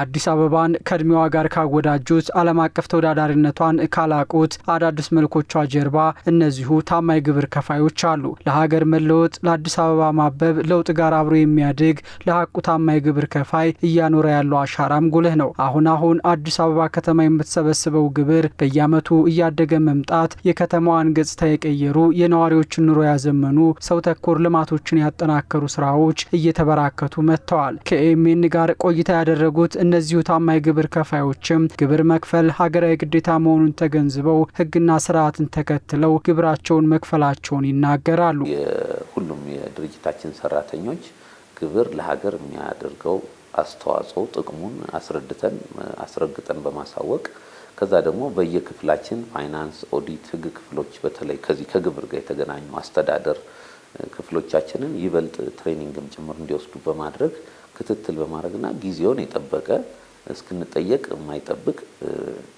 አዲስ አበባን ከእድሜዋ ጋር ካወዳጁት ዓለም አቀፍ ተወዳዳሪነቷን ካላቁት አዳዲስ መልኮቿ ጀርባ እነዚሁ ታማኝ ግብር ከፋዮች አሉ። ለሀገር መለወጥ፣ ለአዲስ አበባ ማበብ፣ ለውጥ ጋር አብሮ የሚያድግ ለሀቁ ታማኝ ግብር ከፋይ እያኖረ ያለው አሻራም ጉልህ ነው። አሁን አሁን አዲስ አበባ ከተማ የምትሰበስበው ግብር በየዓመቱ እያደገ መምጣት የከተማዋን ገጽታ የቀየሩ የነዋሪዎችን ኑሮ ያዘመኑ ሰው ተኮር ልማቶችን ያጠናከሩ ስራዎች እየተበራከቱ መጥተዋል። ከኤሜን ጋር ቆይታ ያደረጉት እነዚሁ ታማኝ ግብር ከፋዮችም ግብር መክፈል ሀገራዊ ግዴታ መሆኑን ተገንዝበው ህግና ስርዓትን ተከትለው ግብራቸውን መክፈላቸውን ይናገራሉ። ሁሉም የድርጅታችን ሰራተኞች ግብር ለሀገር የሚያደርገው አስተዋጽኦ ጥቅሙን አስረድተን አስረግጠን በማሳወቅ ከዛ ደግሞ በየክፍላችን ፋይናንስ፣ ኦዲት፣ ህግ ክፍሎች በተለይ ከዚህ ከግብር ጋር የተገናኙ አስተዳደር ክፍሎቻችንን ይበልጥ ትሬኒንግም ጭምር እንዲወስዱ በማድረግ ክትትል በማድረግና ጊዜውን የጠበቀ እስክንጠየቅ የማይጠብቅ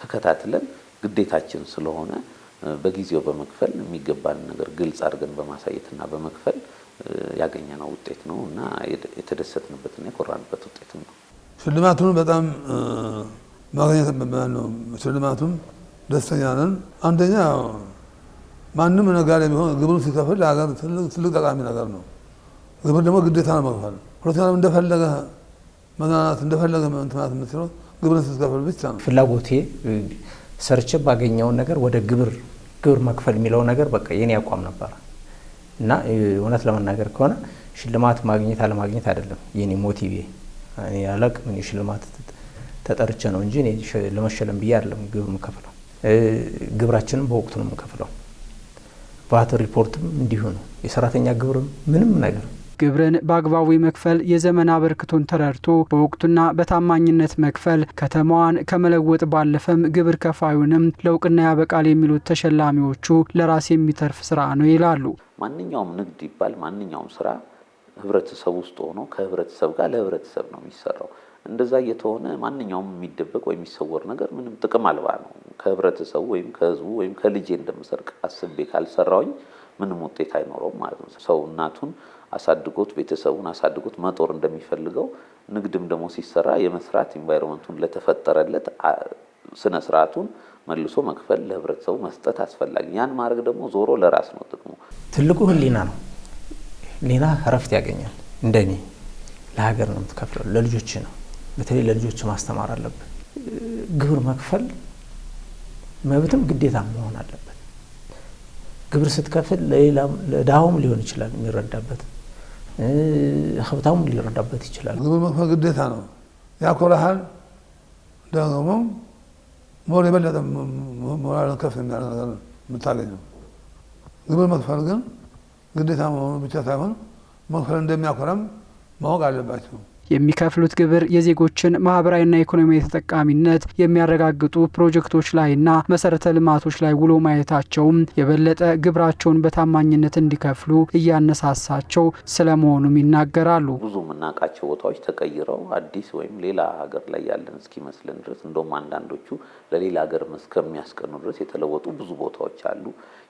ተከታትለን ግዴታችን ስለሆነ በጊዜው በመክፈል የሚገባን ነገር ግልጽ አድርገን በማሳየትና በመክፈል ያገኘነው ውጤት ነው እና የተደሰትንበትና የኮራንበት ውጤት ነው። ሽልማቱን በጣም ማግኘት ነው። ሽልማቱም ደስተኛ ነን። አንደኛ ማንም ነጋዴ ቢሆን ግብሩ ሲከፍል ለሀገር ትልቅ ጠቃሚ ነገር ነው። ግብር ደግሞ ግዴታ ነው መክፈል። ሁለተኛ እንደፈለገ መዝናናት እንደፈለገ ምንትናት የምትችለው ግብርን ስትከፍል ብቻ ነው። ፍላጎቴ ሰርቼ ባገኘውን ነገር ወደ ግብር ግብር መክፈል የሚለው ነገር በቃ የኔ አቋም ነበረ እና እውነት ለመናገር ከሆነ ሽልማት ማግኘት አለማግኘት አይደለም የኔ ሞቲቪ ያለቅ ምን ሽልማት ተጠርቼ ነው እንጂ ለመሸለም ብዬ አይደለም ግብር የምከፍለው። ግብራችንም በወቅቱ ነው የምከፍለው። ቫት ሪፖርትም እንዲሁ ነው። የሰራተኛ ግብርም ምንም ነገር ግብርን በአግባቡ መክፈል የዘመን አበርክቶን ተረድቶ በወቅቱና በታማኝነት መክፈል ከተማዋን ከመለወጥ ባለፈም ግብር ከፋዩንም ለውቅና ያበቃል የሚሉት ተሸላሚዎቹ ለራስ የሚተርፍ ስራ ነው ይላሉ። ማንኛውም ንግድ ይባል ማንኛውም ስራ ህብረተሰብ ውስጥ ሆኖ ከህብረተሰብ ጋር ለህብረተሰብ ነው የሚሰራው። እንደዛ እየተሆነ ማንኛውም የሚደበቅ ወይም የሚሰወር ነገር ምንም ጥቅም አልባ ነው። ከህብረተሰቡ ወይም ከህዝቡ ወይም ከልጄ እንደምሰርቅ አስቤ ካልሰራውኝ ምንም ውጤት አይኖረውም ማለት ነው። ሰው እናቱን አሳድጎት ቤተሰቡን አሳድጎት መጦር እንደሚፈልገው ንግድም ደግሞ ሲሰራ የመስራት ኢንቫይሮመንቱን ለተፈጠረለት ስነ ስርዓቱን መልሶ መክፈል ለህብረተሰቡ መስጠት አስፈላጊ። ያን ማድረግ ደግሞ ዞሮ ለራስ ነው ጥቅሙ። ትልቁ ህሊና ነው። ህሊና እረፍት ያገኛል። እንደኔ ለሀገር ነው የምትከፍለው፣ ለልጆች ነው። በተለይ ለልጆች ማስተማር አለብን። ግብር መክፈል መብትም ግዴታ መሆን አለበት። ግብር ስትከፍል ለሌላም ለድሃውም ሊሆን ይችላል የሚረዳበት ሀብታሙ ሊረዳበት ይችላል። መክፈል ግዴታ ነው። ያኮራሃል። ደግሞ ሞር የበለጠ ሞራልን ከፍ የሚያደርግ ነገር የምታገኘው። ግብር መክፈል ግን ግዴታ መሆኑ ብቻ ሳይሆን መክፈል እንደሚያኮራም ማወቅ አለባቸው። የሚከፍሉት ግብር የዜጎችን ማህበራዊና ኢኮኖሚያዊ ተጠቃሚነት የሚያረጋግጡ ፕሮጀክቶች ላይና መሰረተ ልማቶች ላይ ውሎ ማየታቸውም የበለጠ ግብራቸውን በታማኝነት እንዲከፍሉ እያነሳሳቸው ስለመሆኑም ይናገራሉ። ብዙ የምናውቃቸው ቦታዎች ተቀይረው አዲስ ወይም ሌላ ሀገር ላይ ያለን እስኪመስልን ድረስ እንደውም አንዳንዶቹ ለሌላ ሀገር እስከሚያስቀኑ ድረስ የተለወጡ ብዙ ቦታዎች አሉ።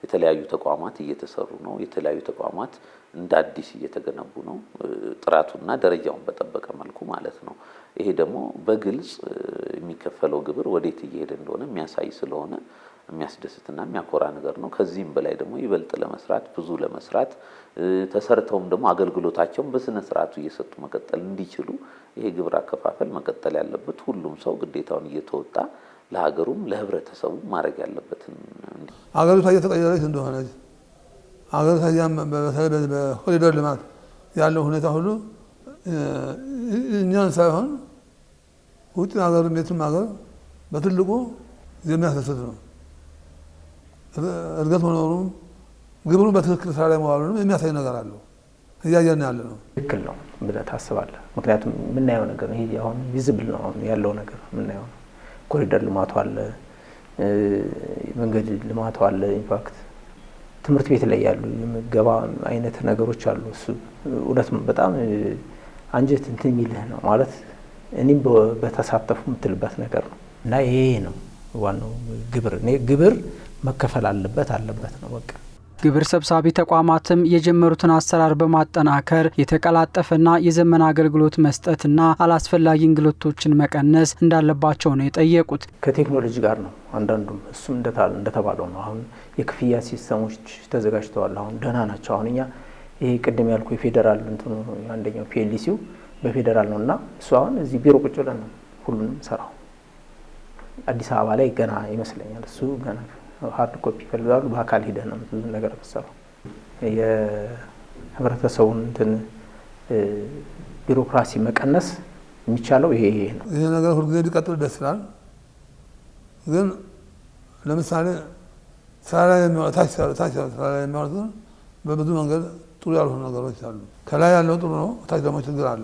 የተለያዩ ተቋማት እየተሰሩ ነው። የተለያዩ ተቋማት እንደ አዲስ እየተገነቡ ነው። ጥራቱና ደረጃውን በጠበቀ በጠበቀ መልኩ ማለት ነው። ይሄ ደግሞ በግልጽ የሚከፈለው ግብር ወዴት እየሄደ እንደሆነ የሚያሳይ ስለሆነ የሚያስደስትና የሚያኮራ ነገር ነው። ከዚህም በላይ ደግሞ ይበልጥ ለመስራት ብዙ ለመስራት ተሰርተውም ደግሞ አገልግሎታቸውን በስነ ስርዓቱ እየሰጡ መቀጠል እንዲችሉ ይሄ ግብር አከፋፈል መቀጠል ያለበት ሁሉም ሰው ግዴታውን እየተወጣ ለሀገሩም ለህብረተሰቡ ማድረግ ያለበትን ሀገሪቷ እየተቀየረች እንደሆነ በኮሪደር ልማት ያለው ሁኔታ ሁሉ እኛን ሳይሆን ውጭ ሀገር ቤትም ሀገር በትልቁ የሚያስደስት ነው። እድገት መኖሩም ግብሩ በትክክል ስራ ላይ መዋሉንም የሚያሳይ ነገር አለው። እያየን ያለ ነው። ትክክል ነው ብለህ ታስባለህ? ምክንያቱም የምናየው ነገር ይሄ አሁን ቪዝብል ነው አሁን ያለው ነገር የምናየው ነው። ኮሪደር ልማቱ አለ፣ መንገድ ልማቱ አለ። ኢንፋክት ትምህርት ቤት ላይ ያሉ የምገባ አይነት ነገሮች አሉ። እሱ እውነት በጣም አንጀት እንት የሚልህ ነው ማለት እኔም በተሳተፉ የምትልበት ነገር ነው እና ይሄ ነው ዋናው ግብር እኔ ግብር መከፈል አለበት አለበት ነው በቃ። ግብር ሰብሳቢ ተቋማትም የጀመሩትን አሰራር በማጠናከር የተቀላጠፈና የዘመን አገልግሎት መስጠትና አላስፈላጊ እንግልቶችን መቀነስ እንዳለባቸው ነው የጠየቁት። ከቴክኖሎጂ ጋር ነው አንዳንዱም እሱም እንደተባለው ነው። አሁን የክፍያ ሲስተሞች ተዘጋጅተዋል። አሁን ደህና ናቸው። አሁን እኛ ይሄ ቅድም ያልኩ የፌዴራል እንትኑ አንደኛው ፒኤልሲው በፌዴራል ነው እና እሱ አሁን እዚህ ቢሮ ቁጭ ብለን ነው ሁሉንም ሰራው። አዲስ አበባ ላይ ገና ይመስለኛል እሱ ገና ሀርድ ኮፒ ይፈልጋሉ። በአካል ሂደህ ነው ብዙ ነገር የምትሰራው። የህብረተሰቡን እንትን ቢሮክራሲ መቀነስ የሚቻለው ይሄ ይሄ ነው። ይሄ ነገር ሁልጊዜ ሊቀጥል ደስ ይላል። ግን ለምሳሌ ስራ ላይ ታች ስራ ላይ የሚያወጡትን በብዙ መንገድ ጥሩ ያልሆኑ ነገሮች አሉ። ከላይ ያለው ጥሩ ነው፣ ታች ደግሞ ችግር አለ።